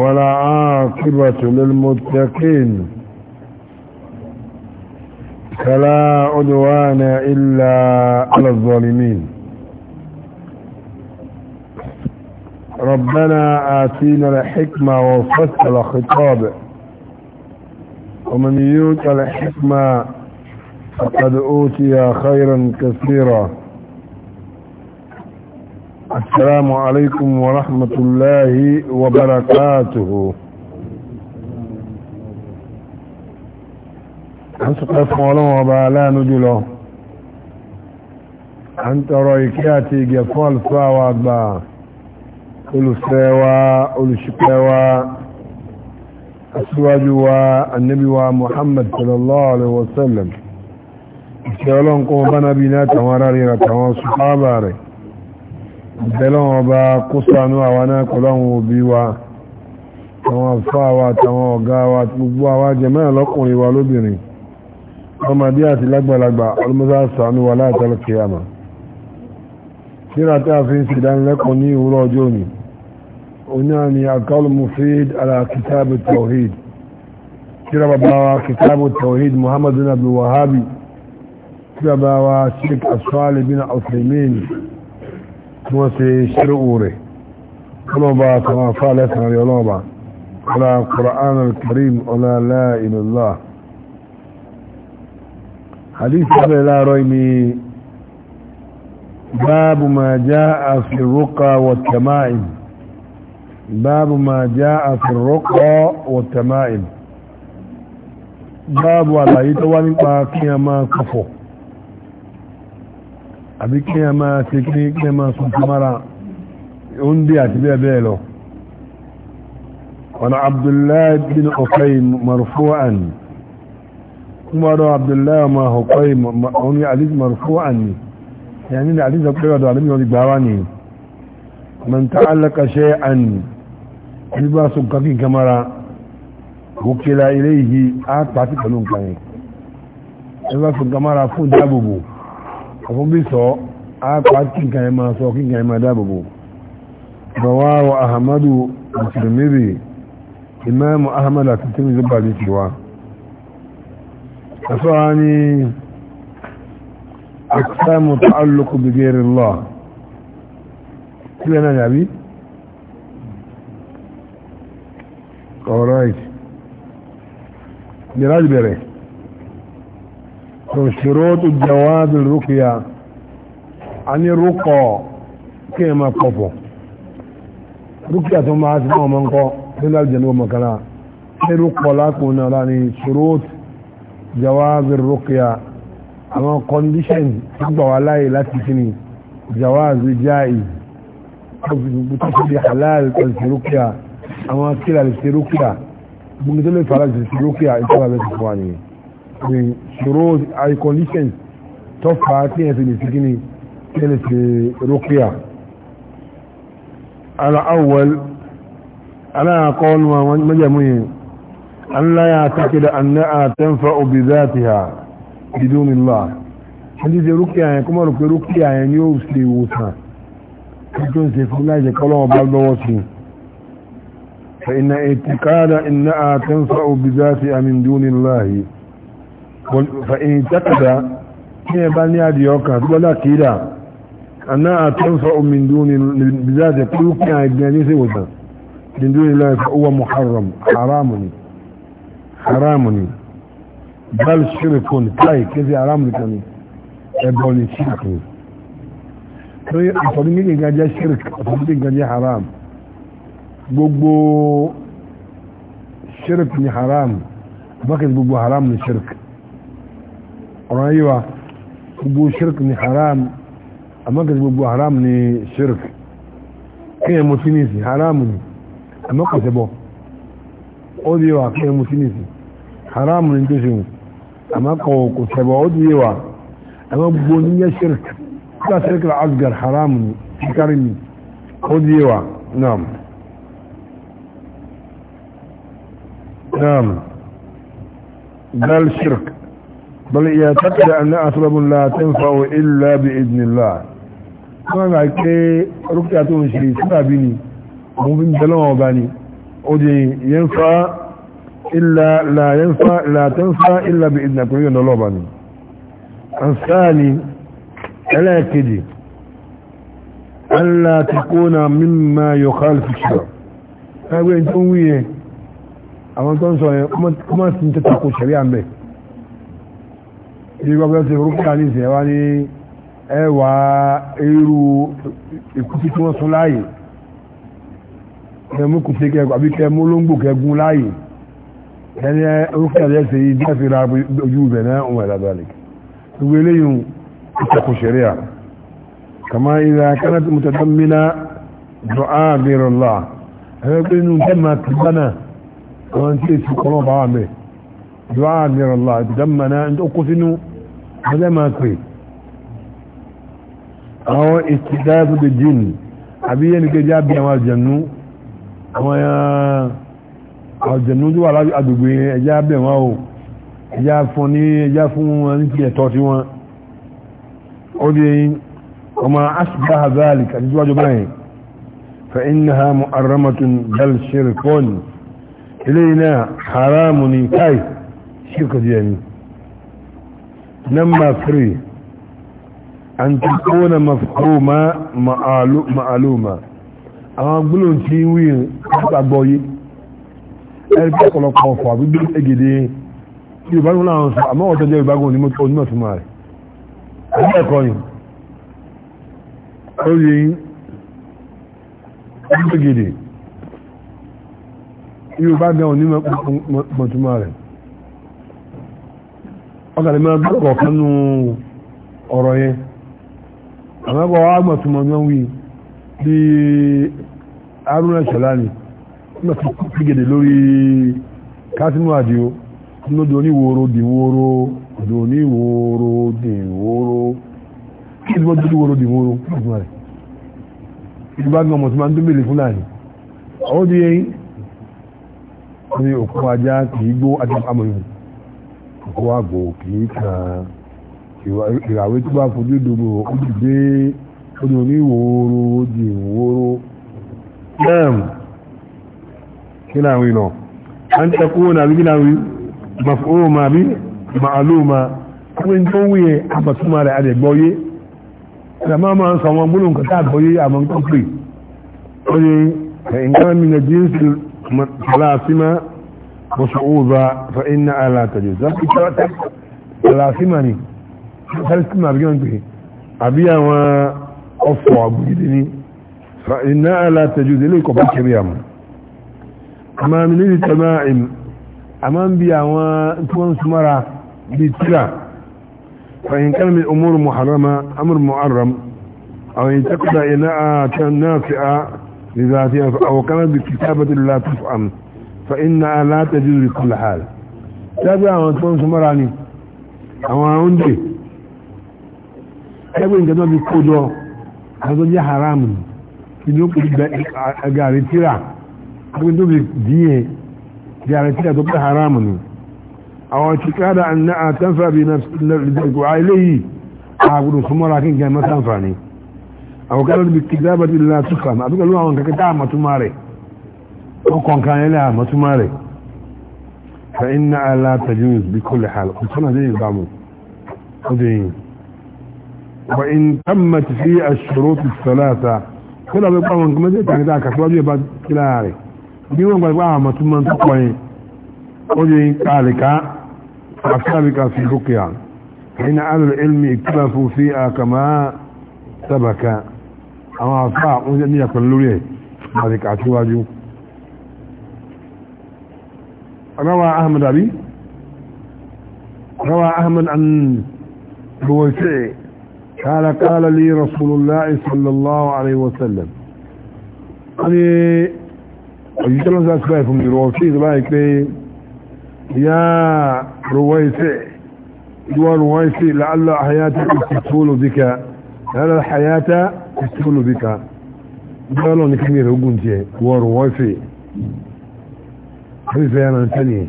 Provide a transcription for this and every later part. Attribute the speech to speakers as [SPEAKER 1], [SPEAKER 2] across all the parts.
[SPEAKER 1] ولا عاقبة للمتقين فلا عدوان إلا على الظالمين ربنا آتينا الحكمة وفصل خطاب ومن يوت الحكمة فقد أوتي خيرا كثيرا السلام عليكم ورحمة الله وبركاته حسق فولو وبالا نجلو أنت رويكياتي جفال فاوات با قلوا سيوا قلوا شكوا أسواجوا النبي ومحمد صلى الله عليه وسلم ìṣẹ́ ọlọ́nkọ́ bá nábi náà tàwọn aráre àtàwọn sùpáàbà rẹ̀ bẹ́lọ́wọ́ ọba kó sánú àwọn náà kọlọ́wọ́ òbí wa àwọn àfáà wa àtàwọn ọ̀gá wa gbogbo àwa jẹ̀mẹ́rin lọ́kùnrin wa lóbìnrin ọmọdé àti lágbàlagbà ọlọ́mọdé sánú wa láàtàlù kìyàmà síra tí a fi ń ṣìdánilẹ́kọ̀ọ́ ní ìwúrọ̀ tí wọ́n ṣe ṣírò rẹ̀ ọlọ́ba àtàwọn afáàlẹ́ sàárì ọlọ́ba ọlá Qur'an al-Karim ọlá la ilallah hadith abẹ́ láàárọ̀ ni باب ما جاء في الرقى والتمائم باب ما جاء في الرقى والتمائم باب ولا يتواني باكي ما كفو àbí kí ẹ máa ṣe kí kí ẹ máa sùn mara oúnjẹ àti bẹ́ẹ̀ bẹ́ẹ̀ lọ wọn abdullahi bin ọkọ̀yí marfu'an kumarọ abdullahi ma ọkọ̀yí oní alif marfu'an ni yàní ni alif ọkọ̀yí ọdọ̀ alif ọdọ̀ gbáwa ni man ta'allaka shay'an ní bá sùn kakin kamara wukila ilayhi a pàtí pẹ̀lú nǹkan yìí ẹ bá sùn kamara fún dáàbòbò ọ̀fún bí sọ ápá kí nǹkan ẹ máa sọ kí nǹkan ẹ máa dáàbòbò bọ̀wá wa ahamadu mùsùlùmí imam ahmad àti tíní zuba ní tiwa ẹ̀sọ́ á ní aksamu ta'alluq bi ghayri Allah kílẹ̀ náà so ṣirotu jawazu rukiya a ní rúkọ kí ẹ máa kọfọ̀ rukiya tó máa ti fún ọmọ ńkọ nílá ìjẹ̀lú ọmọ kanáà ṣe rúkọ lákùn náà láni ṣirotu jawazu rukiya àwọn kọndíṣẹ́n tó gbà wá láyé láti kí ni jawazu jáì tó fi di halal tó ṣe rukiya àwọn kílà lè ṣe rukiya gbogbo tó lè fara ṣe rukiya ìtọ́wà bẹ́ẹ̀ ti fún wa nìyẹn ní ṣòro eye condition tó fà á tí ẹ̀sìn lè síkí ni tí ẹ̀lẹ̀ sí rókíà aláwọ̀l aláàkọ́ nù àwọn mẹ́jẹ̀mú yìí aláyà takida anna a tẹ́nfà òbí záti ha bidó nílá ẹni tí rókíà yẹn kọ́mọ̀ rò pé rókíà yẹn ni ó sì wòsàn tó ń ṣe fún láìjẹ́ kọ́lọ́ ọba lọ́wọ́ sí فإن اعتقاد أنها تنفع بذاتها من دون الله fa'in takada ne ba ni adiyoka duk wala kira anna a tanfa min duni biza da kuka a gani sai wata din duni la fa uwa muharram haramun haramun bal shirkun kai kazi haramun kani ẹbọ ni shirkun torí àfọdún gígé gajẹ shirk àfọdún gígé gajẹ haram gbogbo shirk ni haram bákan gbogbo haram ni shirk ọ̀rọ̀ ayé wa gbogbo shirk ni haram àmọ́kàtí gbogbo haram ni shirk kíyàn mú sínìsì haram ni àmọ́kàtí bọ́ ó di wa kíyàn mú sínìsì haram ni tó ṣe àmọ́kọ̀ kò tẹ̀bọ̀ ó di wa àmọ́ gbogbo níyẹ shirk kíyà shirk la asgar haram ni kíkari ni ó di wa naam shirk بل يعتقد أن أسباب لا تنفع إلا بإذن الله wọ́n gbà pé rúkìá tó ń ṣe sábàbí ni òun fi ń bẹ lọ́wọ́ ọba ni ó di yẹn fa ilà là yẹn fa là tó ń fa ilà bí ìdìnnà pẹ̀lú ìyọ̀nà ọlọ́ọ̀ba ni ansáàni ẹlẹ́ẹ̀kejì alá ti kó na mímọ yọ̀ká fìṣọ̀ ẹgbẹ́ tó ń wí yẹn àwọn tó ń sọ yẹn kọ́mọ̀ sí ń tẹ́ta kò ṣẹ̀rí ní gbogbo ẹsẹ̀ orúkúta ní ìsẹ̀ wá ní ẹwà irú ìkútí tí wọ́n sún láàyè ẹmú kùtí kẹgbà bí kẹ mú lóńgbò kẹgún láàyè ẹni orúkúta ní ẹsẹ̀ yìí díẹ̀ fi ra ojú ibẹ̀ náà òun ẹ̀dá balẹ̀ gbogbo eléyìí ìtẹ̀kù ṣẹ̀rí à kàmá ìlà kánàtì mùtẹ̀tẹ̀ mìíná dùá bìrọ̀lá ẹgbẹ́ pé inú tẹ́mà tìbánà àwọn tí èsì kọ́lọ́ bá wà mẹ́ dùá bìrọ̀lá ìtẹ̀mà náà ń tó kó sínú ọjọ́ máa pè àwọn ìtìdáyàtò dè jìn àbí yẹn nìkejì àbí àwọn àjẹ̀nú àwọn eh, àjẹ̀nú tó wà lágbègbè ẹjá bẹ̀ wọ́n o ẹjá fún ní ẹjá fún wọn ní ti ẹ̀tọ́ sí wọn ó di ọmọ asìgbà hazali kàtí tó wájú báyìí فإنها مؤرمة بل شرك إلينا حرام كاي شرك دياني نمبر 3 أن تكون مفهومة معلومة àwọn gbólóhùn tí ń wí gbàgbọ́ yìí ẹni pé ọ̀pọ̀lọpọ̀ ọ̀fọ̀ àbúgbé egede yorùbá ní láwọn sọ àmọ́ ọ̀tọ́jọ́ yorùbá gùn onímọ̀ tó máa rẹ̀ ẹni ẹ̀kọ́ yìí ó yẹ ọkàlẹ̀ mẹ́rin gbọ́dọ̀ kan nù ọ̀rọ̀ yẹn àwọn ẹgbẹ́ wa gbọ́ túnmọ̀ ní wí bí Haruna Shalani nígbà tí kò fi gèdè lórí Kasimu Adio nínú di oníwòrò dìwòrò di oníwòrò dìwòrò kí ni wọ́n di oníwòrò dìwòrò kí ni wọ́n rẹ̀ ìdíbà gan ọmọ tí máa ń tó mèlè fúlàní ọwọ́ di yẹn ní òkú ajá kì í gbó àti àmọ̀ kókó àgbò kì í kan ìràwé tó bá fojú dodo ó ti dé ó di oníwòòrò ó di ìwòòrò náà kí náà wí náà à ń takó nàbí kí náà wí màfòó màbí màálù máa kúrin tó ń wíyẹn àbàtúmà rẹ̀ àdẹ̀gbọ́yé ẹ̀mọ́ máa ń sọ wọn gbóòlùn kọta àgbọ́yé àwọn tó pè ó ní ẹ̀ǹkan mi nà jíǹsì tàlásímá وصعوبة فإنها لا تجوز لكن شرطك لا ثمني ثلاث ما بجان به أبيا وأفوى بجدني فإنها لا تجوز إليك وبعك بيام أما من إلي تمائم أمام بيا وانتوان سمرا بيتلا فإن كان من أمور محرمة أمر معرم أو ينتقد إناء نافئة لذاتها أو كانت بكتابة لا تفهم فإنها لا تجوز بكل حال تابع وانتون سمراني àwọn oúnjẹ ẹgbẹ́ nǹkan tó bí kó jọ àwọn jẹ́ haram inú kò gbẹ agàrí tíra ẹgbẹ́ tó bí díẹ̀ gàrí tíra tó haram ni àwọn ṣìkáda àná àtẹ́fà bí àwọn kálọ́ bí kìdábàtì látúkà àbíkàlú àwọn kẹkẹtà àmàtúmà rẹ̀ ọkàn kan ilẹ̀ àmọ́túnmá rẹ̀ fa iná alátajúz bí kò lè hàlù ọ̀tọ́nà zai ìbámu ọdún wa in tammat fi ash-shurut ath-thalatha kula bi pa won kuma je tan da ka tuwaju ba kilare bi won gbagba àmọ́túnmá to ko كما سبك أما أصحاب أن يكون لوليه روى أحمد أبي روى أحمد عن بوسعي قال قال لي رسول الله صلى الله عليه وسلم يعني يجلس أسبابكم يروسي سبابك يا رويسي يا رويسي لعل حياتك تطول بك لعل الحياة تطول بك قالوا نكمل هجونتي ورويسي àbí ìfẹ́ yàrá nǹkan nìyẹn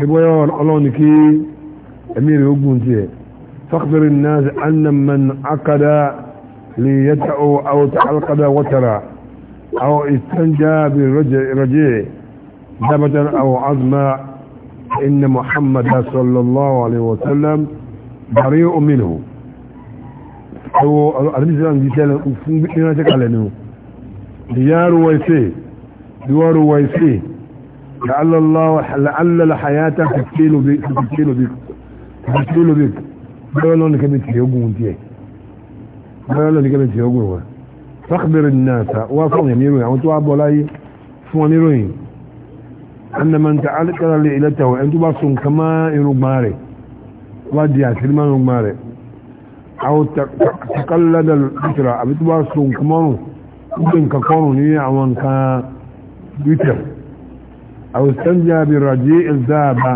[SPEAKER 1] ẹgbẹ́ ọlọ́run ni kí ẹ̀mí rẹ̀ ogun tiẹ̀ tọ́kùtẹ̀rì náà sí annaman akada lè yẹta o àwọn ta alkada wọ́tara àwọn ìtànjá bí rọjẹ́ dábàtà àwọn azma inna muhammad sallallahu alaihi wasallam bari ominu ẹwọ alìsíra ní tẹ́lẹ̀ fún gbígbíra tẹ́kalẹ̀ ni yáruwa ìfẹ́ yáruwa ìfẹ́ لعل الله لعل الحياة تفتيل بك تفتيل بك تفتيل بك بيقولوا انك بتسيوجوا انت بيقولوا انك بتسيوجوا فاخبر الناس وافهم يميروا يعني انتوا عبوا لاي فون يروين ان من تعلق لعلته انتوا بصوا كما يرماري ودي اسلمان يرماري او تقلد البشرى انتوا بصوا كما وبين كقانون يعني كان بيتر àwọn ìsẹ́njẹ́ àbí rajé ìzáàbá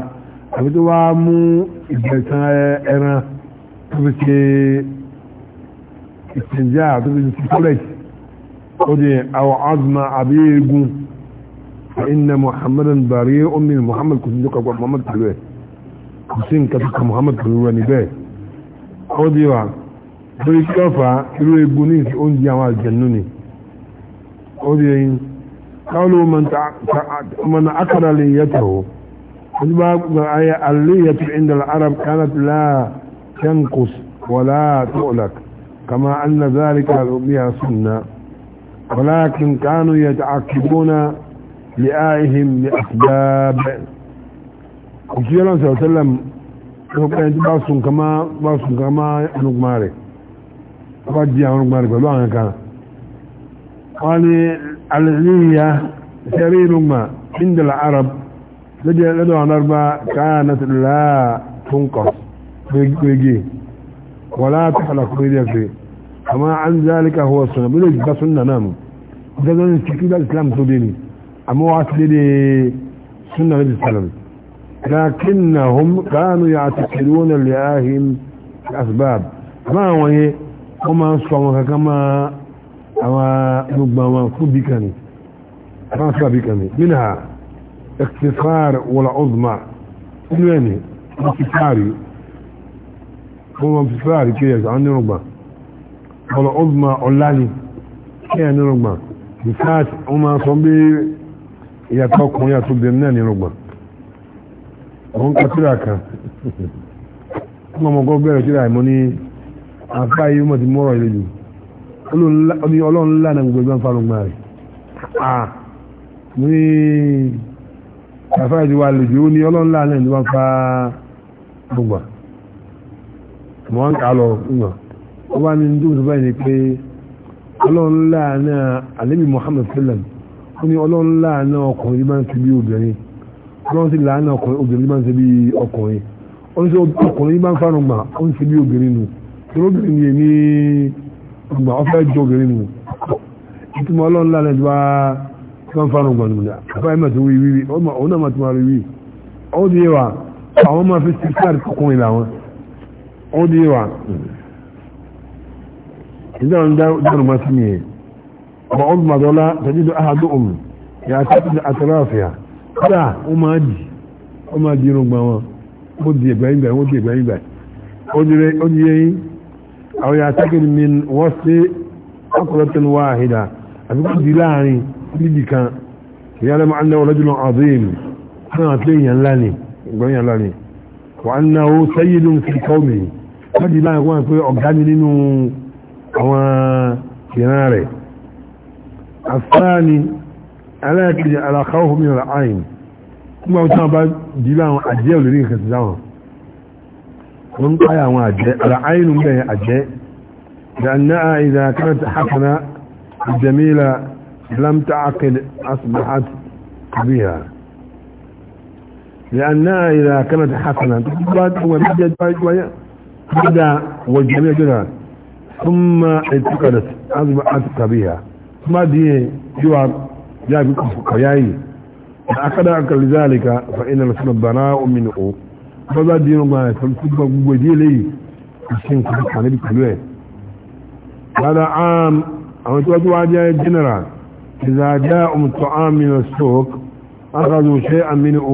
[SPEAKER 1] àbí tó wá mú ìgbẹ̀tàn ẹran tó fi ṣe ìsẹ̀njẹ́ àbí tó fi ṣe kọ́lẹ̀kì ó di àwọn azma àbí eegun inna muhammadan bari omi muhammad kò sí ní kọ̀kọ́ muhammad pẹ̀lú ẹ̀ kò sí nǹkan tó kọ muhammad pẹ̀lú ẹ̀ níbẹ̀ ó di wa lórí kẹfà irú eegun ní oúnjẹ àwọn àjẹnú ni ó di ẹyin قالوا من من أكل ليته اللية عند العرب كانت لا تنقص ولا تؤلك كما أن ذلك بها سنة ولكن كانوا يتعقبون لآئهم لأسباب وفي الله صلى الله عليه وسلم ẹni bá sùn kan máa bá sùn kan máa ẹnugbọ́n rẹ̀ wọ́n bá jí àwọn ẹnugbọ́n rẹ̀ pẹ̀lú àwọn kan wọ́n ní العلية سرير ما عند العرب لدي عن نربى كانت لا تنقص بيجي ولا تحلق بيجي فيه وما عن ذلك هو السنة بيجي بس ننام ده الشكل الإسلام تديني أما وعد لدي سنة نبي السلام لكنهم كانوا يعتقدون لآهم الأسباب ما هو هي وما أصفهم كما àwọn gbogbo àwọn fún bíkàní fásitì bíkàní nínú ha ẹ̀kìtìfààrì wọlá ọ̀zùmá nínú ẹni ẹ̀kìtìfààrì wọ́n wọ́n fi fààrì kéyà sí àwọn nírùngbà wọlá ọ̀zùmá ọ̀láni wọ́n máa sọ bí ìyàtọ̀ ọkùnrin oní ọlọ́run lánà gbogbo ẹgbẹ́ fáwọn ọmọ rẹ̀ mo ní àfáà ìdíwà lòdì ó ní ọlọ́run lánà ìdíwà fa gbogbo àmọ́ ń kà lọ ńgbà ó wá ní dúró tó báyìí ni pé ọlọ́run lánà àlébì Muhammad sallam ó ní ọlọ́run lánà ọkùnrin máa ń ṣe bí obìnrin ọlọ́run sì lánà obìnrin máa ń ṣe bí ọkùnrin ó ní sọ ọkùnrin máa ń fáwọn ọmọ ó ń ṣe bí obìnrin nù tó lóbìnrin ní ọgbà ọfẹ́ jọ obìnrin mu ìtumọ̀ ọlọ́run lálẹ́ tí wàá tí ọgbà nìyà àfẹ́ ẹ̀ mẹ́tò wí òun náà mẹ́tò wíwí wí ó di wa àwọn máa fi kọkún wọn di wa ìdá wọn máa ọdún òmù yà á àfẹ́yà ó máa ó máa di irun gbà wọn ó di yín ó di yín ó di أو يعتقد من وصل عقلة واحدة أقول دلاني بدي كان يعلم أنه رجل عظيم أنا أتلين يلاني يلاني وأنه سيد في قومه فدي لا يقول أنه أبداني لنه أو كناري الثاني ألا يكجي على خوف من العين ثم أتابع دلان أجيب لريك الزوام من قايا واجه àjẹ́ àlàáyínú bẹ́ẹ̀ لأنها إذا كانت حسنة جميلة لم تعقل أصبحت بها لأنها إذا كانت حسنة بدا والجميع جدا ثم اتقلت أصبحت بها ما دي جواب جاء بكم فقياي فأكد لذلك فإن الاسم براء منه bọ́bá dín ọgbà ẹ̀sán tó gbọ́ gbogbo ìdí eléyìí ìṣe nǹkan kan níbi pẹ̀lú ẹ̀ lára àm àwọn tó tó wá jẹ́ general إذا جاء مطعام من السوق أخذوا شيئا منه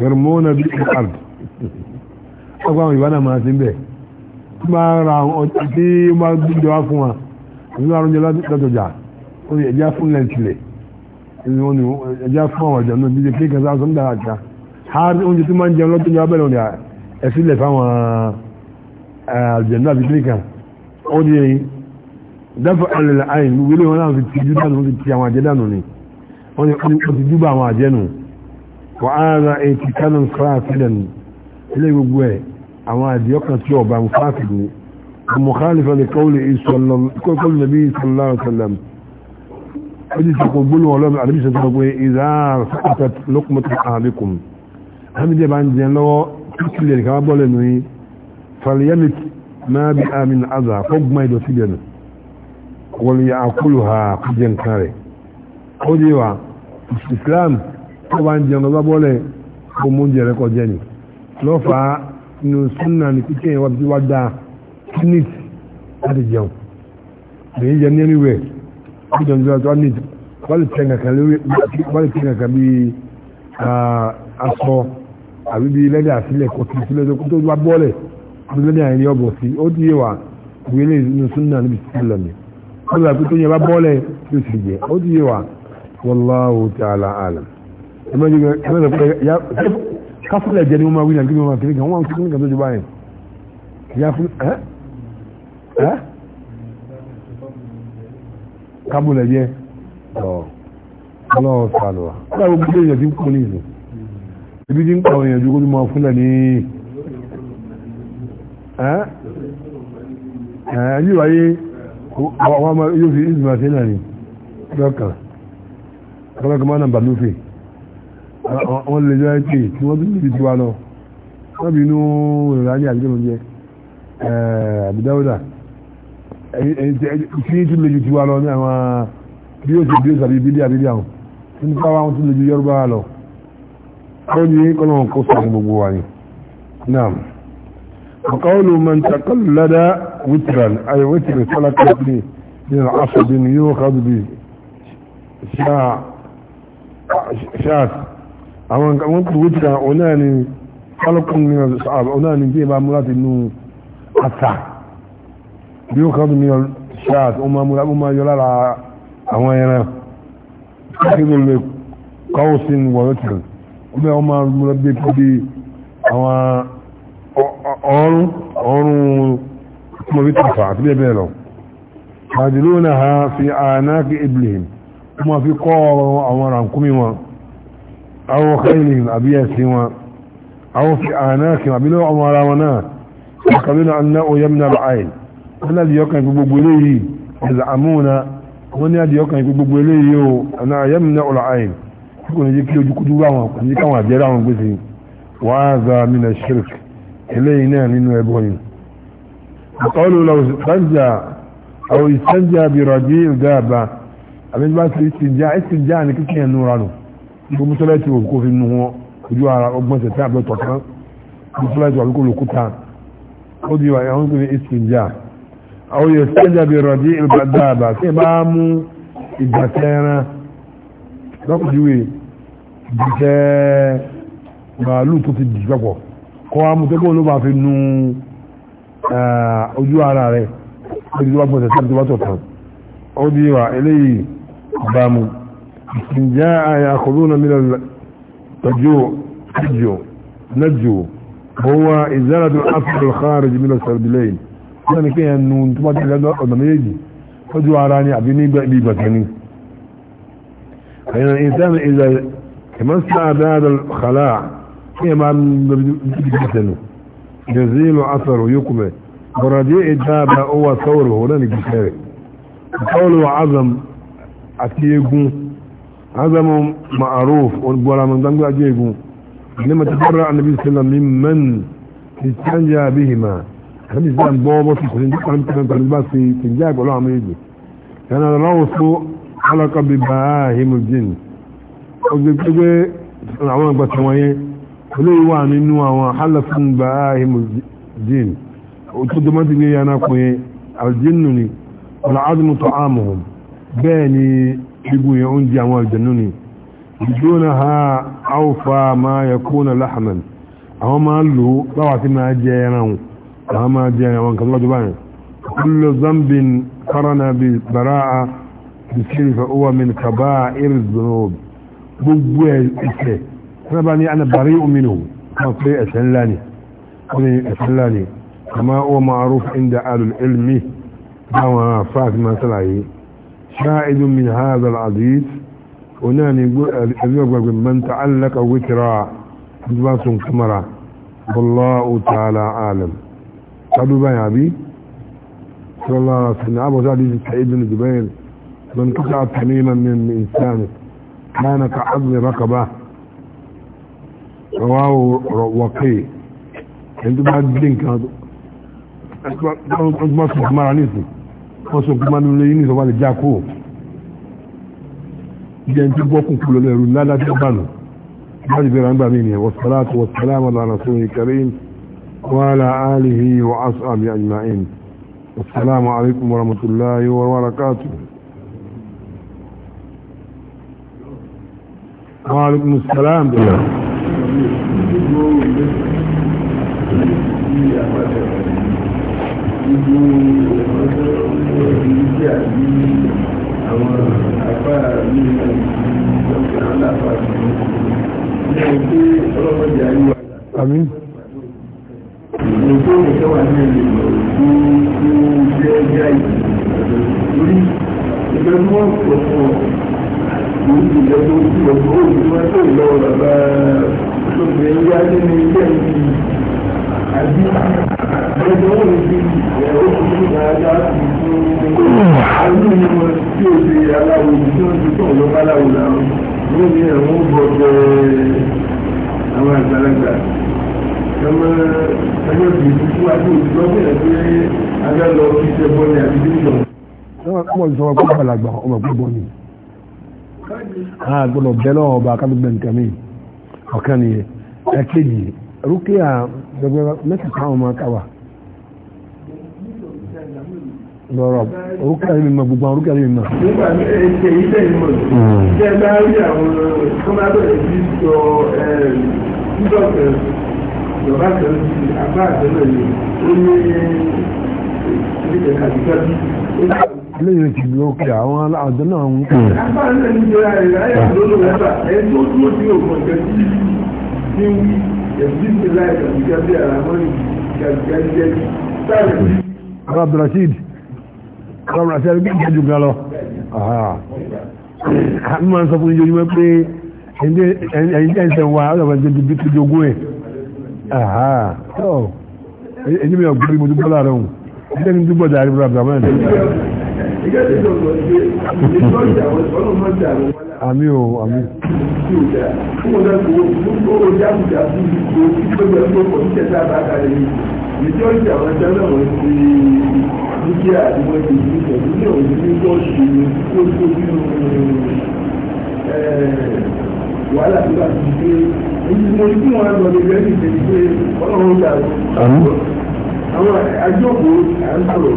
[SPEAKER 1] يرمون به الأرض ọgbà àwọn ìbánà máa ti ń bẹ̀ tí máa ra àwọn ọjà tí ó máa dúdú wá fún wa nínú àrùn jẹlá látọjà ó ní ẹjá fún lẹ́ǹtìlẹ̀ ẹjá fún àwọn ọjà náà díje kéèké sáà sọ́ńdà àjà har oúnjẹ tí máa ń jẹun lọ́tọ́ ní abẹ́lẹ̀ òní ẹ̀sílẹ̀ fáwọn àjẹ̀nú àti kíríkà ó ní ẹ̀yìn dáfà àlẹ́lẹ̀ àyìn wílé wọn láwọn fi ti jú dànù fi ti àwọn àjẹ́ dànù ni wọ́n ni ó ti jú bá àwọn àjẹ́ nù wọ́n á ra ètì canon classiden ilé gbogbo ẹ̀ àwọn àjẹ́ ọkàn tí ọba mu fáàfì ni ọmọ khalifa ni kọ́ọ̀lù ìsọ̀lọ́ أجلس يقول بلو ولم أعلمش أن تقول إذا سقطت لقمة أهلكم hamidẹ bá ń jẹ lọ́wọ́ kíkìlẹ̀ nìkan bọ́ lẹ́nu yìí falyamit máa bí amin azà fọ́gbọ́n ìdọ̀tí lẹ́nu wọ́n yà àkúlù ha kú jẹ nǹkan rẹ̀ ó dé wa islam tó bá ń jẹ lọ́wọ́ bọ́lẹ̀ kó mú jẹ rẹ̀ kọjẹ ni lọ́fà inú súnà ní kíkẹ́ yẹn wá bí wá dáa kíník láti jẹun lèyìn jẹ ní ẹni wẹ̀ ó jẹun jọ tó wá ní wọ́n lè tẹ̀ nǹkan lórí wọ́n lè tẹ̀ nǹkan bíi ah, aṣọ àbí bíi lẹ́dà sílẹ̀ kò sí sílẹ̀ tó wá bọ́ọ̀lẹ̀ àbí lẹ́dà yẹn ni ọ̀bọ̀ sí ó ti yé wa ìwélé inú súnà níbi tí ó lọ ní ó lọ pé tó yẹ bá bọ́ọ̀lẹ̀ tó sì jẹ ó ti yé wa wallahu ta'ala alam káfílẹ̀ jẹ́ ni wọ́n máa wí náà kí ni wọ́n máa kiri kan wọ́n kí ni kan tó ju báyìí ya fún ẹ́ ẹ́ kábùlẹ̀ jẹ́ ọ̀ ọlọ́ọ̀ta lọ́wọ́ ọlọ́wọ́ gbogbo èèyàn ti ń kú ní ìlú ibi tí ń pa àwọn èèyàn jókòó tó máa fúnlẹ̀ ní
[SPEAKER 2] ẹ̀ẹ́n
[SPEAKER 1] yíò wáyé àwọn ọmọ yóò fi lè jọ tí wọ́n lọ wọ́n bí inú ìrìnàjò àti ìjọba jẹ àbídáwọ́dà tí tún lè ju tiwa lọ ní àwọn bí ó ti bí ó sàbí bídí àbídí àwọn tí wọ́n tún lè ju Yorùbá lọ قولي قلوا انقصوا بقبوا عليه نعم وقول من تقلد وترا اي وتر فلك لي من العصب يؤخذ به شاع شاعت اما قلت وترا اناني خلق من الصعب اناني جيب عملات النوم حتى يؤخذ من الشاعت اما ملاب اما يلال اما ينا تاخذ لقوس ووتر ọmọ ẹ̀wọ̀n máa múra bí pẹ́bí àwọn ọ̀rún ọ̀rún ọmọ bí tàfà àti bẹ́ẹ̀ bẹ́ẹ̀ lọ ṣàdìlú náà ha fi àánáàkì ibrahim wọ́n máa fi kọ́ àwọn rànkúmí wọn àwọn kẹ́lì àbí ẹ̀sìn wọn àwọn fi àánáàkì àbí lọ́wọ́ ọmọ ara wọn náà kàbínú anná oyemna báyìí wọ́n láti yọkàn gbogbo eléyìí ẹ̀zà àmúna wọ́n ní àdìyọkàn gbogbo eléyìí o àná ọ̀là àyìn kò ní jẹ́ kí ojú kújú bá wọn kò ní káwọn àjẹ́ ráwọn gbèsè wọ́n á za mina shirk eléyìí náà nínú ẹbọ yìí àkọọ́lù lọ́sánjà àwọn ìsánjà bí rọ̀jí ìdáàbá àbí bá ti ìsìnjá ìsìnjá ní kíkẹ́ ẹnu ranù kó mọ́sálẹ́tì òkú fi nu wọn ojú ara ọgbọ́n tẹ̀tẹ̀ àbẹ́tọ̀ kan mọ́sálẹ́tì àbíkó lòkúta ó di àwọn ìpínlẹ̀ ìsìnjá àwọn ìsánjà bí rọ̀jí ìdáàbá tí ẹ bá lọ́kùnjúwe jẹ́ màálù tó ti dìjọpọ̀ kọ́ amútẹ́kọ́ ló bá fi nu ojú ara rẹ̀ lórí tó bá gbọ́sẹ̀ sí àti wátọ̀ tán ó di wà eléyìí bámu ìsìnjẹ́ àyà kòrónà mílẹ̀ tọ́jú ẹjọ́ lẹ́jọ́ هو إزالة الأصل الخارج من السربلين يعني كي أنه انتبه لأنه أدنى يجي فجوا عراني عبيني بأبي بكني فإن الإنسان إذا تمسع بهذا الخلاع هي ما نبدأ يزيل أثره يكمل ورديء الدابة هو ثوره لن يكسره قوله عظم أتيقون عظم معروف ولا من دنقل أتيقون لما تبرع النبي صلى الله عليه وسلم ممن استنجى بهما هل إسلام بابا سيكون لم تكن تنباسي تنجاك ولا عم يجي الله الروس alaka bi bahimul jinn ọgbẹ́gbẹ́ àwọn ìgbàtí wọ́n yẹn olóyìn wà nínú àwọn halafin bahimul jinn tó dọ́mọ́tí ní yàrá kò yẹn aljinnu ni wọ́n azumu tó amuhum bẹ́ẹ̀ ni igun yẹn oúnjẹ àwọn aljannu ni ìjọ́nà ha aufa ma yakuna lahaman àwọn máa lò báwa sí máa jẹ ẹran àwọn máa jẹ ẹran kan lọ́jọ́ báyìí kullu zambin karana bi bara'a bìkìrì fa'uwa min kaba'ir az-dhunub gbogbo ẹ̀ṣẹ̀ sọ́nà bá ní ana bari'un minhu kan pé ẹ̀ṣẹ̀ ńlá ni wọ́n ni ẹ̀ṣẹ̀ ńlá ni kama huwa ma'ruf inda ahlul ilmi báwọn fáàkì máa sàlàyé sha'idun min hadha al-hadith ona ni abiyagbagbe man ta'allaka wikira ba sun kamara wallahu ta'ala alam kadu bayan sallallahu alaihi wasallam abu sa'id ibn jubair من قطع تميما من إنسانه كان كعظم رقبة رواه وقي عند بعد دينك هذا ما سوف ما رانيسي ما سوف ما نوليني سوف جاكو جنتي بوكو كل ليرو لا لا تبانو هذه بيران بامين والصلاة والسلام على رسوله الكريم وعلى آله وأصحابه أجمعين السلام عليكم ورحمة الله وبركاته وعليكم السلام بيا
[SPEAKER 3] èyí ìjọ tó ti lọ sí òòlù tí wọ́n tó lọ bàbá ṣòfin ẹ̀yà nínú ilé ìlú àbí ẹgbẹ́ wọn ti ẹ̀rọ tuntun dáadáa láti fún àwọn ènìyàn tí ó ṣe aláwo tí wọ́n ti tọ̀ lọ́ba aláwo làwọn wọ́n ní àwọn bọ̀dọ̀ àwọn àgbàlagbà ẹmọ ẹgbẹ́ bìbí fún adé òṣìṣẹ́ bẹ̀rẹ̀ pé agbẹ́ lọ fi ṣe bọ́ọ̀lì àbí dídì lọ.
[SPEAKER 1] wọ́n mọ̀ sọ wọn kó bàlágbà ọmọ gbogbo ni a gbọ́dọ̀ bẹ́lọ̀ ọba kábígbẹ̀ nǹkan mi ọ̀kan ni ẹ̀kejì rúkìá gbẹgbẹ mẹ́ta táwọn máa kà wá lọ́rọ̀ orúkẹ́ àrí mímọ̀ gbogbo àwọn orúkẹ́ àrí mímọ̀.
[SPEAKER 3] nígbà tí ẹ̀ṣẹ̀ iṣẹ́ ìmọ̀ jẹ́ bá rí àwọn kọ́mádọ̀rẹ̀ bí sọ ẹ̀ẹ́dọ̀tẹ̀ ìjọba kan sí àbá àtẹ́lẹ̀ yìí ó ní ìpínlẹ̀ àdìgbà bí ó ní àwọn
[SPEAKER 1] lẹ́yìn tí ló kí àwọn àjọ náà ń kí. Hmm. Abdulrasheed Abdulrasheed kí n jẹ́ jù gan lọ. A máa ń sọ fún ìjọ yíwẹ́ pé ẹ̀yìn jẹ́ ìṣẹ̀ wa ọ̀dọ̀fẹ́ jẹ́ ibi tó jogún ẹ̀. Ẹ̀yìn mi ọ̀gbọ́n ìmọ̀ tó gbọ́ láàárọ̀ òun. Ẹ̀yìn tó gbọ́ dàrí Abdulrasheed
[SPEAKER 3] àmì o àmì. Ìjọ́ ìjà àwọn ẹja náà wọ́n ti dúkìá àti wọ́n ti ní ìtọ́jú ní òun ní ṣọ́ọ̀ṣì ní kó tó nínú wàhálà tó bá ti dé. Èyí mo ní kí wọ́n lọ lè rẹ́ nìkan pé ọlọ́run dàrú. Àwọn àjọ̀kọ̀ à ń sọ̀rọ̀.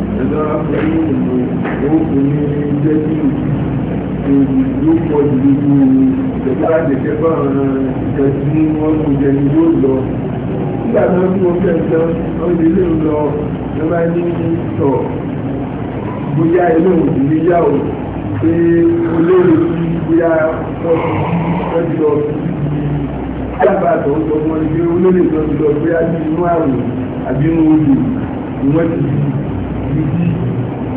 [SPEAKER 3] nígbà náà bí wọ́n fẹ́ tán wọ́n lè lè lọ ló bá ní sọ bóyá ilé òdì ní yá o pé olóòrè sí bóyá wọ́n ti lọ dábàá tó ń sọ fún ọ ní pé olóòrè tó ti lọ bóyá ní inú àrùn àbí inú odò ni wọ́n ti ìdí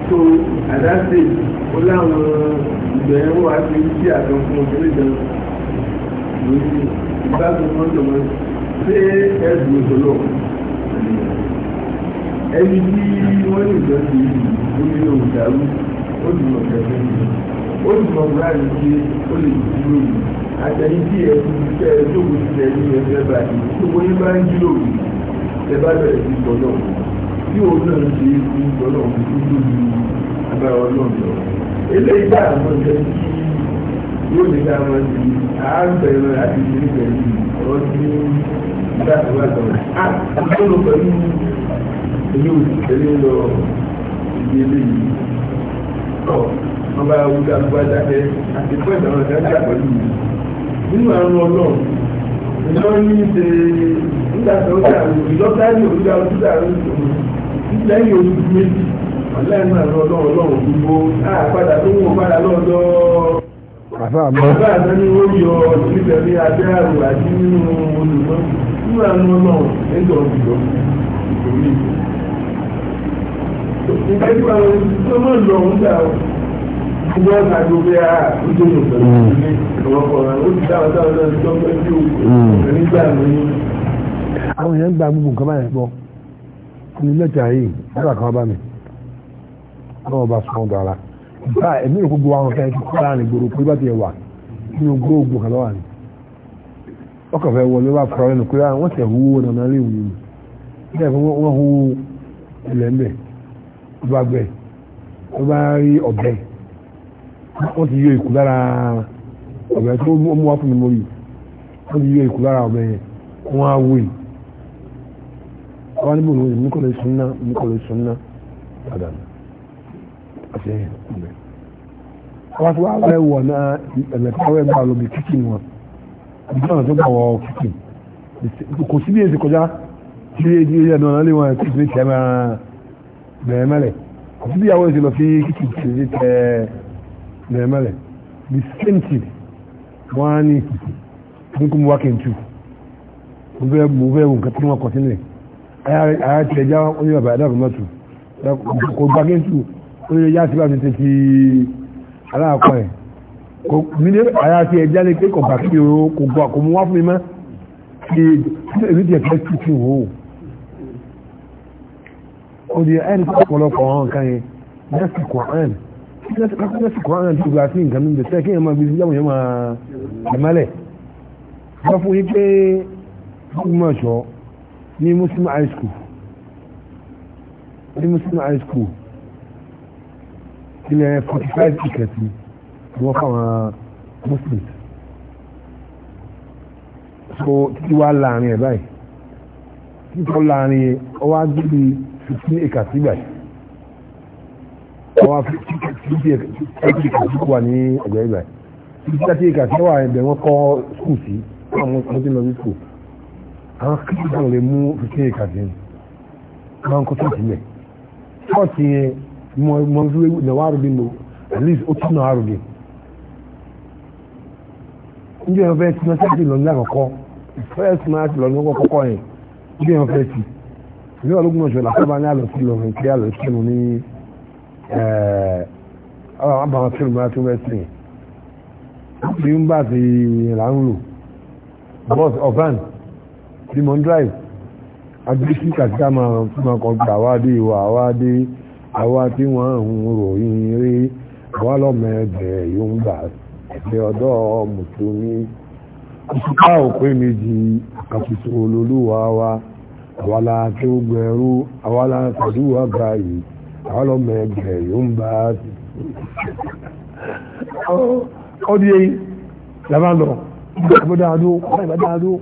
[SPEAKER 3] tó àdáṣe ó láwọn ìgbẹ̀ ẹ̀wọ̀ àti ìdí àjọ fún obìnrin jẹun lórí ìbáṣọ kan jọ mọ́ ṣé ẹ̀dùn ìṣòro ẹni tí wọ́n lè jọ sí orí ohun ìdàrú ó ti mọ̀ kẹfẹ́ yìí ó ti mọ̀ bíláàdì pé ó lè dúró yìí àtẹ̀yìn tí ẹ̀kú iṣẹ́ ẹjọ́ òkú ti tẹ̀ ní ẹgbẹ́ báyìí tó wọ́n yín bá ń dúró yìí ẹ bá bẹ̀rẹ̀ sí ìtọ́jú ọ̀hún. tí òun náà ń ṣe ikú gbọ́dọ̀ fún tó ní agbára ọlọ́run lọ. eléyìí bá àwọn jẹ́ kí yóò lè dá wọn sí àábẹ̀rẹ̀ láti ṣe é pẹ̀lú ọ̀rọ̀ tí a lọ pẹ̀lú lọ eléyìí. ọ̀ wọ́n bá àti pẹ̀lú nínú àrùn ọlọ́run ní ṣe ìdájọ́ dàrú ìlọ́tàrí òrùlé ojú dàrú lẹ́yìn ojú méjì ọ̀lẹ́yìn náà lọ lọ́wọ́ lọ́wọ́ gbogbo àpàdà tó wọ́n padà lọ́dọ̀ bàbá àná ni ó yọ nítorí abẹ́ àrùn àti nínú olùmọ́ nínú hmm. àánú ọlọ́run ẹ̀jọ̀ ọ̀gbìyọ̀ ìtòrí ìtòrí. ìgbẹ́jú àwọn olùsọ́mọ́ lọ ń gbà ó gbogbo ọ̀gá tó bí a ojú ìlú pẹ̀lú ìdílé ọ̀pọ̀ ọ̀rọ̀ ó ti dáwọ́ dáwọ́ lọ́dún tó ń gbẹ́jú òkú nígbà
[SPEAKER 1] mìíràn àwọn èèyàn gba gbogbo nǹkan báyẹn gbọ́ ní lẹ́tà yìí nígbà kan bá mi lọ́wọ́ bá sọ́n dára bá ẹ̀mí ò gbogbo àwọn kan kí láàrin gbòòrò pé bá ti wà ní ogó ògbò kan lọ́wọ́ ni ọkọ̀ fẹ́ wọlé wà fúra lẹ́nu pé ah, wọ́n tẹ̀ hu owó nàná lé ìwé mi bẹ́ẹ̀ fún wọn hu ilẹ̀ ń bẹ̀ bá gbẹ tó bá rí ọ̀bẹ wọ́n ti yọ ìkú lára ọ̀bẹ tó mú wá fún mi mórí wọ́n ti yọ ìkú lára ọ̀bẹ yẹn wọ́n á wò àwọn níbo ni mi kò lè sùn náà mi kò lè sùn náà padà nù àti ẹ̀yìn ọ̀bẹ. àwọn tí wọ́n á wẹ̀ wọ̀ náà ẹ̀lẹ́kọ̀ wẹ̀ gbà lóbi kíkì wọn àbúrò àwọn tó gbà wọ kíkì kò sí bí èsì kọjá tí èdè ẹ̀dùn ọ̀nà lè wọn kí ìpínlẹ̀ tẹ̀ máa bẹ̀rẹ̀ mẹ́lẹ̀ kò sí àwọn èsì lọ sí kíkì tẹ̀ bẹ̀rẹ̀ mẹ́lẹ̀ the same thing wọ́n á ní ìkìkì fún kí mo wá kí mo fẹ́ mo fẹ́ wò nǹkan tí wọ́n kọ àyà ti ẹja ó ní bàbá ẹ̀dàkùn mọ́tò kò gbá kéńtù ó ní ẹja ti bá mi ti ti aláàkọ́ ẹ̀ kò mí ní àyà ti ẹja ní pé kò gbà kí o kò gbà kò mú wá fún mi mọ́ ṣe èmi ti ẹ̀fẹ́ tù sí wò ó di ẹni tó pọ̀lọpọ̀ ọ̀hún kan yẹn nẹ́ẹ̀sì kọ̀ọ̀án nẹ́ẹ̀sì kọ̀ọ̀án ti gbà sí nǹkan mi bẹ̀ sẹ́kẹ́ yẹn máa gbé sí yàwó yẹn máa ẹ̀mọ́lẹ̀ wọ́n fún pé wọ́n mọ̀ ṣọ́ ní muslim high school ní muslim high school ilẹ̀ forty five ticket ni wọ́n fáwọn muslims so títí wá láàrin ẹ̀ báyìí títọ́ láàrin ẹ̀ ọwọ́ agbègbè fifteen acres sígbà yìí ọwọ́ fifty acres wà ní ọ̀gbẹ́ ìgbà yìí fifty acres wà ẹ̀bẹ̀ wọ́n kọ́ school sí àwọn ọmọ tí lọ sí school àwọn kírísítọ̀n lè mú fifteen acres yẹn máa ń kọ́ ṣọ́ọ̀ṣì mẹ́ ṣọ́ọ̀ṣì yẹn mọ fi wéwu náà wà rúbi mo at least ó tún náà rúbi níbi ẹ̀rọ fẹ́ ti náà ṣáàtì lọ́nà àkọ́kọ́ first match lọ́nà àkọ́kọ́ yẹn níbi ẹ̀rọ fẹ́ ti ìlú ọlọ́gbọ̀n ọ̀ṣọ́ làkọ́bá ní àlọ́ sí lọ́rùn kí àlọ́ sí mu ní ọ̀rọ̀ àbáwọn sí lọ́rùn àti wẹ́sìn bí ń bá ti là ń lò bọ́ọ̀sì ọ̀fẹ́ǹsì demon drive agbésí kàtíkà máa fún ọkọ̀ gbà wá dé ìwà wá dé àwa tí wọ́n ń ròyìn rí àwa lọ́mọ ẹgbẹ́ yóò ń gbà ẹgbẹ́ ọ̀dọ́ mùsùlùmí òṣìkà òpé méjì àkàtúntò olólùwà wa àwa la tó gbẹrú àwa la tàdúwà gbà yìí àwa lọ́mọ ẹgbẹ́ yóò ń gbà ọdún yìí làbá lọ ìgbà ìbọdá adó ìgbà ìbọdá adó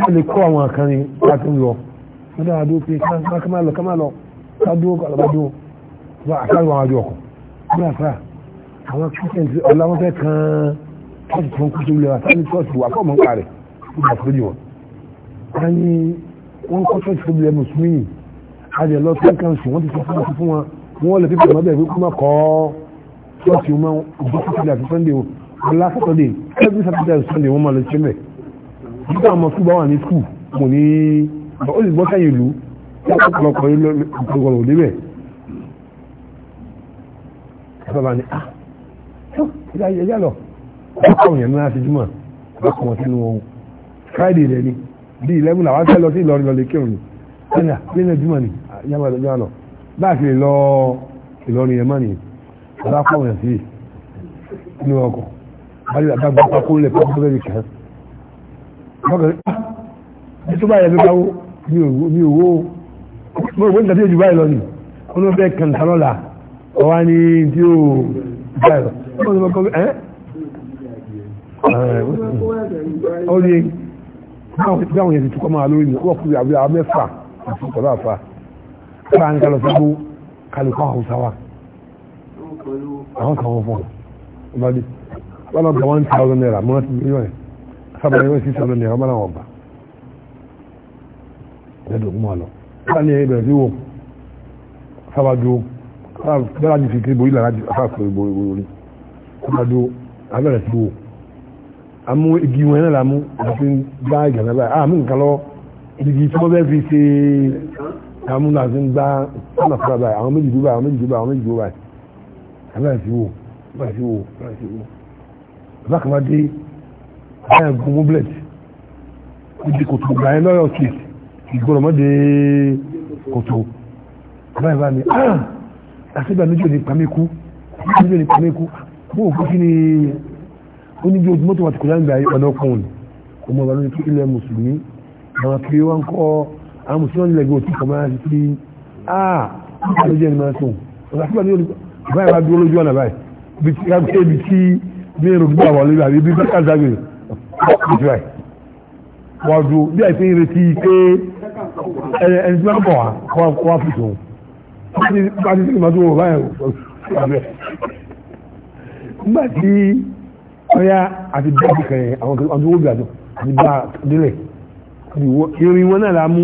[SPEAKER 1] a lè kó àwọn kan ní láti ń lọ wọ́n dára dúró pé ká má lọ ká má lọ ká dúró ká lọ́ba dúró wọ́n àtàrí wọn àjọ ọkọ̀ wọ́n àfà àwọn christian ti ọ̀la wọn fẹ́ kan church tó ń kú sí ilé wa sáyẹn church wà fún ọmọ nǹkan rẹ̀ wọ́n bá fún wọn. wọ́n ní wọ́n kọ́ church tó bilẹ̀ mùsùlùmí yìí àjẹ lọ sí kanṣu wọ́n ti sọ fún wọn fún wọn wọ́n lè fi pẹ̀lú ọbẹ̀ wípé máa kọ́ church wọn ọjọ́ sátidé àti sunday wọn last saturday every nígbà ọmọ skul bá wà ní skul mo ní ó sì gbọ́ sẹ́yìn ìlú ọ̀pọ̀lọpọ̀ ìlọ́pọ̀lọpọ̀ ò débẹ̀ bàbá ni ah ìyá ìyá lọ ọkọ̀ òyìn náà ti jùmọ̀ ọkọ̀ wọn sínú ohun friday rẹ ni bíi eleven àwọn fẹ́ lọ sí Ìlọrin lọ lè kírun ni ẹnà ah, lẹ́yìn jùmọ̀ ni ah, yàrá ìjọba lọ báà fi lè lọ Ìlọrin yẹn mọ́ ni ọlọ́pàá òyìn sí inú ọkọ̀ bá dé àgbà pákó lẹ̀ pákó lẹ́yìn kọ́kọ́ ẹ tó báyẹ̀ bíbá wó mi ò wó mo rò pé nígbà tí ojú báyìí lọ ni ó ló fẹ́ kàǹtà lọ́la ọ̀wá ni tí ó báyìí lọ ó ló kọ́ ẹ́ ó ní báwọn yẹn ti tukọ́ máa lórí ni wọ́n kú àbí abẹ́fà àti pẹ̀lú àfà káà ń kálọ̀ sábó kálukọ́ àwùsáwà àwọn kan wọ́n fún ọ ọba bí wọ́n bá gba one thousand naira mọ́tò sábà yóò sì sọ̀rọ̀ ní ọmọ làwọn ọba ẹ̀dọ̀ mú àlọ́ sábà ní ẹ̀yẹ bẹ̀rẹ̀ sí wò sábà dúró bẹ́ẹ̀ láti fi kiri borí làrá àfàkùn ìborí sábà dúró abẹ́rẹ̀ sí wò amú igi wọn náà làmú àti gbá ìgànnà báyìí àmú nǹkan lọ igi tí wọ́n bẹ́ẹ̀ fi ṣe àmú náà ti ń gbá ọ̀nà fúnra báyìí àwọn méjì dúró báyìí àwọn méjì dúró báyìí àwọn méjì dúró báyìí abẹ́rẹ̀ sí wò abẹ́rẹ̀ sí wò abẹ́rẹ̀ sí wò báyà gbogbo blẹt ibi kòtò gbàyẹ lọ́yọ̀ kì ìgbọ́rọ̀mọ́dé kòtò báyà bá mi ah àṣìgbà níjọ́ ní pàmíkú níjọ́ ní pàmíkú bó òkú kí ni oníjó mọ́tò àti kòjá ń gbà ọ̀nà ọkùnrin ọmọ ọ̀bà lórí ilẹ̀ mùsùlùmí àwọn kiri wọn kọ́ àwọn mùsùlùmí nílẹ̀ gbé òtí kọ̀mọ́ àti sí ah àlejò ẹni máa sùn àṣìgbà níjọ́ báyà bá dúró lójú ọ̀nà báyìí bí ti ká gbé ibi tí bí èrò gbé àwọn olóyè àbí bí bá kà ìtura ẹ̀ wọ́n dúró bí àìsí ìrètí pé ẹni tí wọ́n bọ̀ wá kọ́ wá fìtò bá ti sí ìmọ̀tò wò báyìí ọ̀rẹ́ nígbà tí ọya àti bẹ́ẹ̀kì kan yẹn àwọn ọdún wọ́n gbàdọ̀ àti bá délẹ̀ irin wọn náà la mú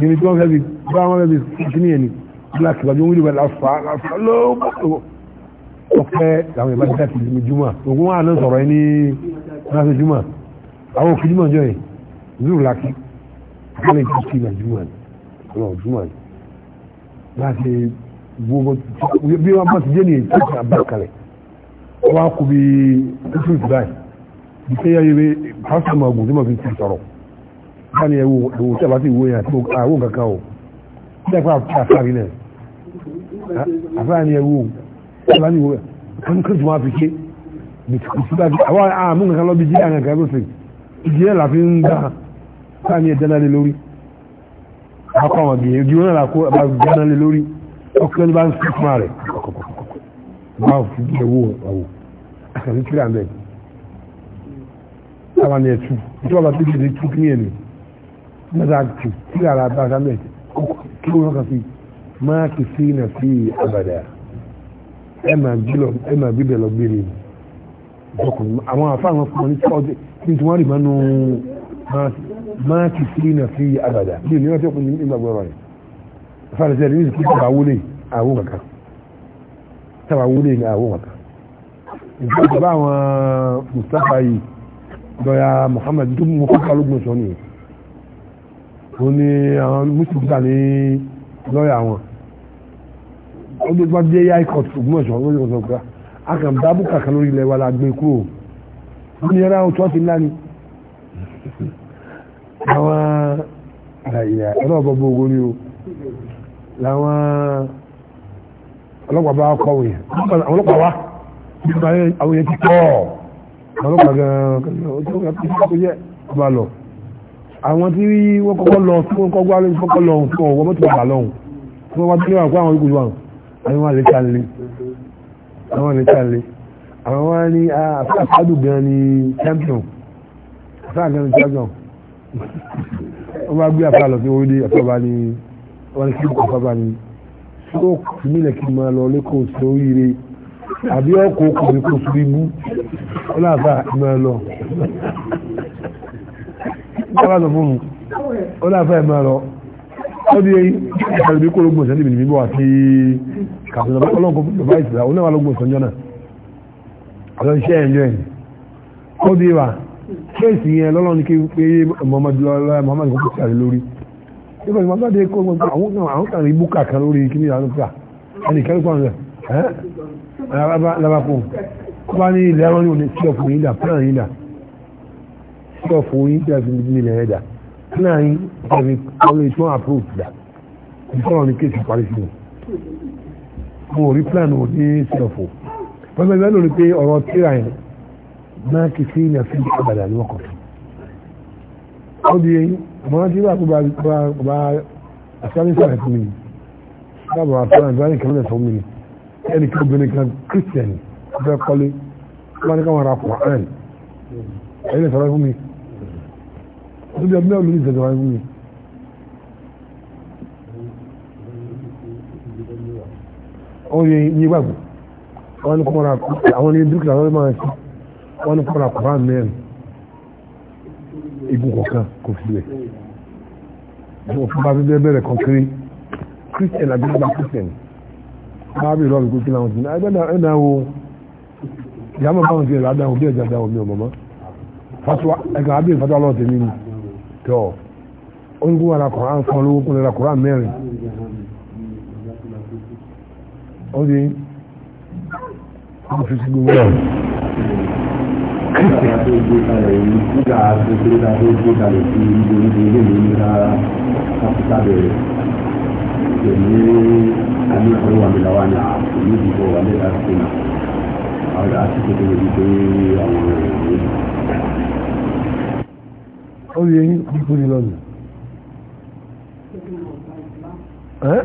[SPEAKER 1] irin tí wọ́n fẹ́ fi bá wọn fẹ́ fi kíní yẹn ni black ìbàdí wọn wíwẹ̀ láfa láfa lọ́wọ́ ọ̀fẹ́ làwọn ìbàdí láti ìjùmọ̀ ògùn wọn àná sọ̀rọ̀ yẹn láti jùmọ̀ àwọn òkè jùmọ̀ jọ yìí zuru laki wọ́n lè tún kí ní jùmọ̀ ọ̀rọ̀ jùmọ̀ láti gbogbo bí wọ́n bá ti jẹ́ ní èyí tó ti àbákalẹ̀ wọ́n á kú bí títí ìgbàyìí bí sẹ́yà yẹ pásítọ̀ máa gùn tí mo fi ti sọ̀rọ̀ báni ẹ wo ìwò tí a bá ti wo yẹn àti àwọn kankan o tí a fà àfáàrí náà àfáàrí ẹ wo tí a bá ti wo yẹn kankan tí wọ́n á fi ṣe bisikibaki awa a mun kan lọ bi jiri an kan kan fẹ jiri da sani ye dana le lórí a kọ ma biye jiri la lórí o kẹ ni ba n sigi kuma rẹ ba fi jẹ wo awo a kan ni tiri an bẹ a ma nẹ tu n tọgọ ba tigi ni tu kini ye ni n bẹ taa tu tiri a la ba san bẹ ko kiri wẹrẹ ka fi na fi abada ẹ ma bi lọ ẹ ma bi bẹ lọ gbẹrẹ ìjọkùnrin àwọn àfáàwọn fún wọn ní sọ́ọ̀dẹ̀ ní tí wọ́n rí mọ́nú máa ti sí iná sí àgbàdà bí ìlú ọjọ́ kùnrin nígbà gbọ́rọ̀ rẹ̀ fàlẹ́sẹ̀ ní ìsìnkú tàbá wúlé àwọn kankan tàbá wúlé ní àwọn kankan ìjọba ìjọba àwọn Mustapha yìí lọ́yà Muhammad tó mú kókó alógun sọ nìyẹn ó ní àwọn muslim gbà ní lọ́yà wọn ó dé gbàdé yá ikọ̀ ògbómọ̀ṣọ́ ó dé kọ̀ agàmdábù kàkà lórí ilẹ̀ wa la gbé kúrò wọ́n ní ẹ̀rọ àwọn tó ti ńlá ni àwọn àlàyé ẹ̀rọ ọ̀bọ̀ gbogbo ni o làwọn ọlọ́pàá bá kọ̀wé àwọn ọlọ́pàá wa nípa àwọn yẹn ti pọ̀ àwọn ọlọ́pàá gan-an kò yẹ ọba lọ àwọn tí wọ́n kọ́kọ́ lọ tí wọ́n kọ́kọ́ lọ tí wọ́n mọ́tò bàbá tí wọ́n wá tí wọ́n kọ́ àwọn ìkùnjú àwọn àyẹ̀wò àlẹ́ àwọn ní tàlẹ̀ àwọn wá ní àfáàfáàdù gan ni champion àfáàfáàdù gan ni champion wọ́n bá gbé àfáà lọ sí orílẹ̀ àfáàbá ni wọ́n ní kíkọ́ àfáàbá ni stroke nílẹ̀ kí n máa lọ lẹ́kọ̀ọ́ sí oríire àbí ọkọ̀ ọkùnrin kò sí ibú wọ́n láàfáà máa lọ wọ́n láàfáà fún mi wọ́n láàfáà máa lọ wọ́n di ẹyin àbí kó ló gbọ̀nsẹ̀ níbi níbi bọ́ àti kàtó bàbá ọlọ́nkọ bàbá ìsìlá ó náà lọ́gbọ̀n sọ́njọ́ náà àlọ́ iṣẹ́ ẹ̀jọ́ ẹ̀ ó di wa kéèsì yẹn lọ́lọ́ ní kí pé Muhammadu lọ́lá Muhammadu kò sàrè lórí nígbà tí wọ́n bá dé kó àwọn kan rí búkà kan lórí kí ní ìyá lókà ẹnì kẹ́rù kan rẹ̀ ẹ́ labakó kó bá ní ilẹ̀ ẹ̀rọ ní òní tí ọ̀fù yín dà pílàn yín dà tí ọ̀fù yín dà fi ní ilẹ̀ ẹ̀dà pílàn yín ọ̀rẹ́ tí wọ́n àpúrò dà ní kéèsì parí sí mo rí plan ò ní sẹ̀fọ̀ pẹ̀lú ẹgbẹ́ lórí pé ọ̀rọ̀ tíra yẹn máa kì sí ní àfi àbàdà ní ọkọ̀ ó di eyín àmọ́ tí bá kó bá àṣàmì sọ̀rọ̀ fún mi bábà wà fún àdúrà nìkan lẹ́sọ̀ fún mi ni ẹnì kan obìnrin kan kírísítẹ̀nì ọbẹ̀ kọ́lé wọn ní káwọn ra Kùránì ẹ̀yìn lẹ́sọ̀rọ̀ fún mi ó di ọdún mẹ́rin ní ìṣẹ̀jọ̀ wáyé fún mi. wọ́n yẹ iye gbàgbọ́ wọ́n ní kọ́ra àwọn ní dúkìá wọ́n máa ṣe wọ́n ní kọ́ra kọ́ra mẹ́rin igun kọ̀ọ̀kan kò fi lẹ̀ wọ́n fún bá bẹ́ẹ̀ bẹ̀rẹ̀ kan kiri christian àbí bá christian bá bí rọ́ọ̀bì kó kí láwọn sí ẹgbẹ́dà ẹ̀dà wo ìyá mọ̀ báwọn ti rẹ̀ ládàá òbí ẹ̀jà dáwọ̀ mi ò mọ̀mọ́ fatuwa ẹ̀ka àbí ìfatuwa lọ́ọ̀tẹ̀ mi ni tọ́ ó ń gún ara kọ̀ọ̀rán fún olówó kún lẹ́ra kọ̀ọ̀rán mẹ́rin ó di ọ́fíìsì
[SPEAKER 2] gbogbo
[SPEAKER 3] ẹ̀.
[SPEAKER 1] ó di eyín kúkú ní lọ́nà.
[SPEAKER 2] ẹ́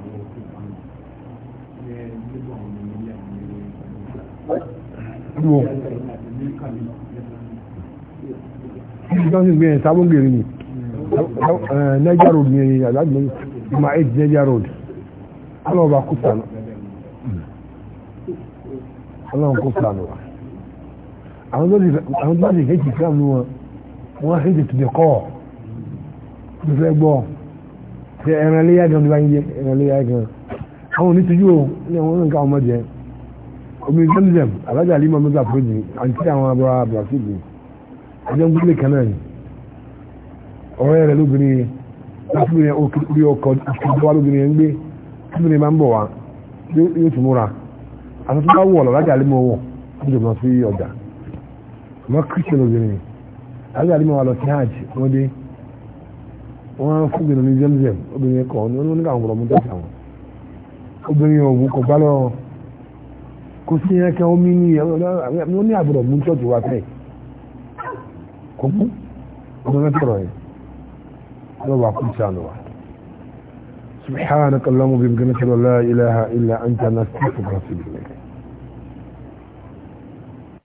[SPEAKER 3] wò
[SPEAKER 1] ìjọsìn gbé yẹn sábó gèrè ni Niger road yẹn yẹn aláàbò ìmọ̀ eight Niger road ọlọ́ọ̀bà kú sànù ọlọ́ọ̀bà kú sànù wa àwọn tó ti hẹ́jì islam ni wọn wọ́n hẹ́jì tó ti kọ́ ọ́ tó fẹ́ gbọ́ ṣe ẹran léyà gan ni wọ́n yẹ ẹran gan àwọn onítìjú o ní àwọn oníkà ọmọ jẹ́ omi zamzam alájà lima musa fúrúdì àǹtí àwọn abúlé abdulrasheed ni ẹjọ ń gbélé kan ni ọ̀rẹ́ rẹ̀ lóbìnrin lásìkò yẹn orí ọkọ̀ ìṣèjọba lóbìnrin yẹn ń gbé lóbìnrin máa ń bọ̀ wá yóò tún múra àti tó bá wọ̀ lọ alájà lima wọ̀ ó jọ lọ sí ọjà wọ́n kírísítẹ̀ lóbìnrin alájà lima wà lọ sí hajj wọ́n dé wọ́n fún obìnrin zamzam obìnrin kọ̀ ọ́ ní wọ́n ní káwọn ọ̀rọ̀ mú tẹ̀sán obìnrin yẹn ò kò sí ẹ̀kẹ́ omi ní ẹ̀rọ ní àbúrò mú ṣọ́ọ̀tì wá fẹ́ kò mú ọmọ mẹ́tọ̀rọ̀ ẹ̀ lọ́wọ́ àkúnṣe àlọ́wà subhanaka allahumma bi bihamdika la ilaha illa anta nastaghfiruka wa natubu ilayk